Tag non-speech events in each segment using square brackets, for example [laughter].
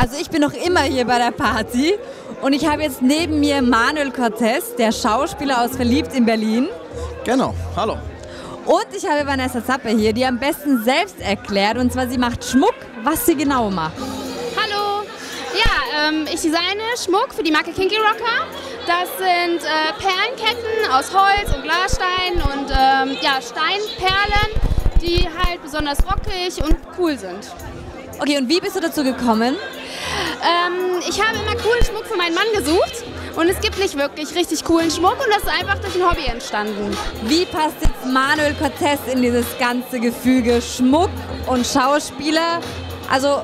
Also ich bin noch immer hier bei der Party und ich habe jetzt neben mir Manuel Cortez, der Schauspieler aus Verliebt in Berlin. Genau, hallo. Und ich habe Vanessa Zappe hier, die am besten selbst erklärt, und zwar sie macht Schmuck, was sie genau macht. Hallo, ja, ähm, ich designe Schmuck für die Marke Kinky Rocker. Das sind äh, Perlenketten aus Holz und Glasstein und ähm, ja, Steinperlen, die halt besonders rockig und cool sind. Okay, und wie bist du dazu gekommen? Ähm, ich habe immer coolen Schmuck für meinen Mann gesucht und es gibt nicht wirklich richtig coolen Schmuck und das ist einfach durch ein Hobby entstanden. Wie passt jetzt Manuel Cortez in dieses ganze Gefüge Schmuck und Schauspieler? Also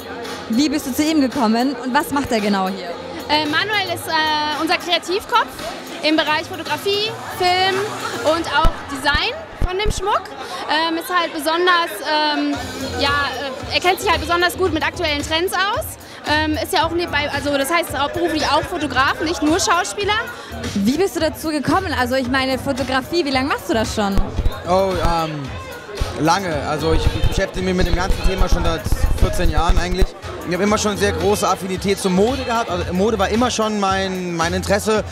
wie bist du zu ihm gekommen und was macht er genau hier? Äh, Manuel ist äh, unser Kreativkopf im Bereich Fotografie, Film und auch Design von dem Schmuck. Ähm, ist halt besonders, ähm, ja, äh, er kennt sich halt besonders gut mit aktuellen Trends aus ähm, ist ja auch nebenbei, also das heißt beruflich auch Fotograf, nicht nur Schauspieler. Wie bist du dazu gekommen? Also ich meine Fotografie, wie lange machst du das schon? Oh, ähm, lange. Also ich, beschäftige mich mit dem ganzen Thema schon seit 14 Jahren eigentlich. Ich habe immer schon sehr große Affinität zur Mode gehabt. Also Mode war immer schon mein, mein Interesse.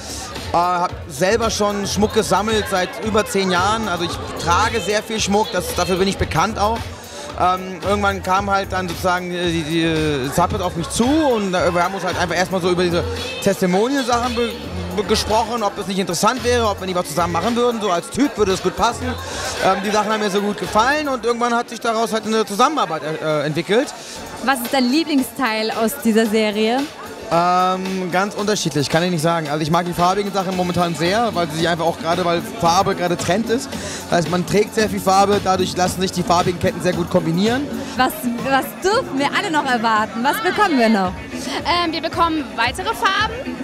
Äh, habe selber schon Schmuck gesammelt seit über 10 Jahren. Also ich trage sehr viel Schmuck, das, dafür bin ich bekannt auch. Ähm, irgendwann kam halt dann sozusagen die, die Zappet auf mich zu und äh, wir haben uns halt einfach erstmal so über diese Testimoniensachen be gesprochen, ob das nicht interessant wäre, ob wir nicht was zusammen machen würden. So als Typ würde es gut passen. Ähm, die Sachen haben mir so gut gefallen und irgendwann hat sich daraus halt eine Zusammenarbeit äh, äh entwickelt. Was ist dein Lieblingsteil aus dieser Serie? Ähm, ganz unterschiedlich, kann ich nicht sagen. Also ich mag die farbigen Sachen momentan sehr, weil sie sich einfach auch gerade, weil Farbe gerade Trend ist. Das heißt, man trägt sehr viel Farbe, dadurch lassen sich die farbigen Ketten sehr gut kombinieren. Was, was dürfen wir alle noch erwarten? Was bekommen wir noch? Ähm, wir bekommen weitere Farben,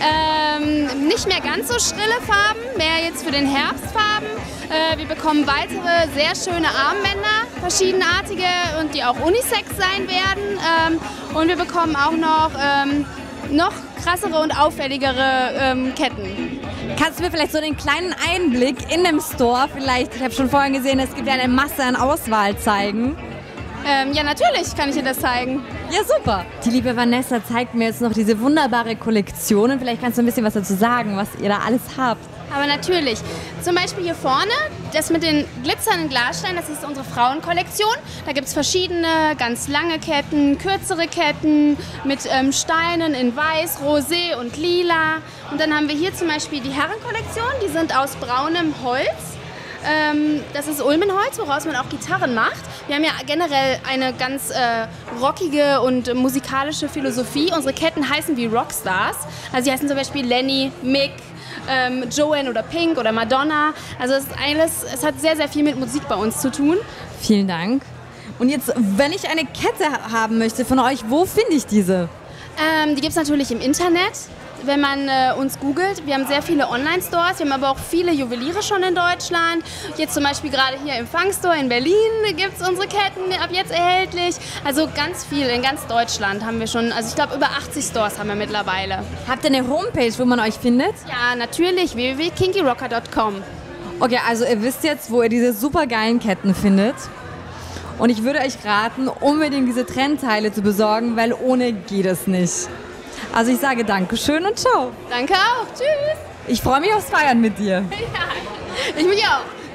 ähm, nicht mehr ganz so schrille Farben, mehr jetzt für den Herbstfarben. Äh, wir bekommen weitere sehr schöne Armbänder, verschiedenartige und die auch unisex sein werden. Ähm, und wir bekommen auch noch, ähm, noch krassere und auffälligere ähm, Ketten. Kannst du mir vielleicht so den kleinen Einblick in dem Store, vielleicht, ich habe schon vorhin gesehen, es gibt ja eine Masse an Auswahl zeigen? Ähm, ja, natürlich kann ich dir das zeigen. Ja, super. Die liebe Vanessa zeigt mir jetzt noch diese wunderbare Kollektion und vielleicht kannst du ein bisschen was dazu sagen, was ihr da alles habt. Aber natürlich. Zum Beispiel hier vorne, das mit den glitzernden Glassteinen, das ist unsere Frauenkollektion. Da gibt es verschiedene, ganz lange Ketten, kürzere Ketten mit ähm, Steinen in weiß, rosé und lila. Und dann haben wir hier zum Beispiel die Herrenkollektion, die sind aus braunem Holz. Ähm, das ist Ulmenholz, woraus man auch Gitarren macht. Wir haben ja generell eine ganz äh, rockige und musikalische Philosophie. Unsere Ketten heißen wie Rockstars. Also sie heißen zum Beispiel Lenny, Mick, ähm, Joanne oder Pink oder Madonna. Also es, alles, es hat sehr, sehr viel mit Musik bei uns zu tun. Vielen Dank. Und jetzt, wenn ich eine Kette haben möchte von euch, wo finde ich diese? Ähm, die gibt es natürlich im Internet, wenn man äh, uns googelt. Wir haben sehr viele Online-Stores, wir haben aber auch viele Juweliere schon in Deutschland. Jetzt zum Beispiel gerade hier im Fangstore in Berlin gibt es unsere Ketten ab jetzt erhältlich. Also ganz viel, in ganz Deutschland haben wir schon, also ich glaube über 80 Stores haben wir mittlerweile. Habt ihr eine Homepage, wo man euch findet? Ja, natürlich, www.kinkyrocker.com. Okay, also ihr wisst jetzt, wo ihr diese super geilen Ketten findet. Und ich würde euch raten, unbedingt diese Trennteile zu besorgen, weil ohne geht es nicht. Also ich sage Dankeschön und ciao. Danke auch. Tschüss. Ich freue mich aufs Feiern mit dir. [laughs] Ja, ich mich auch.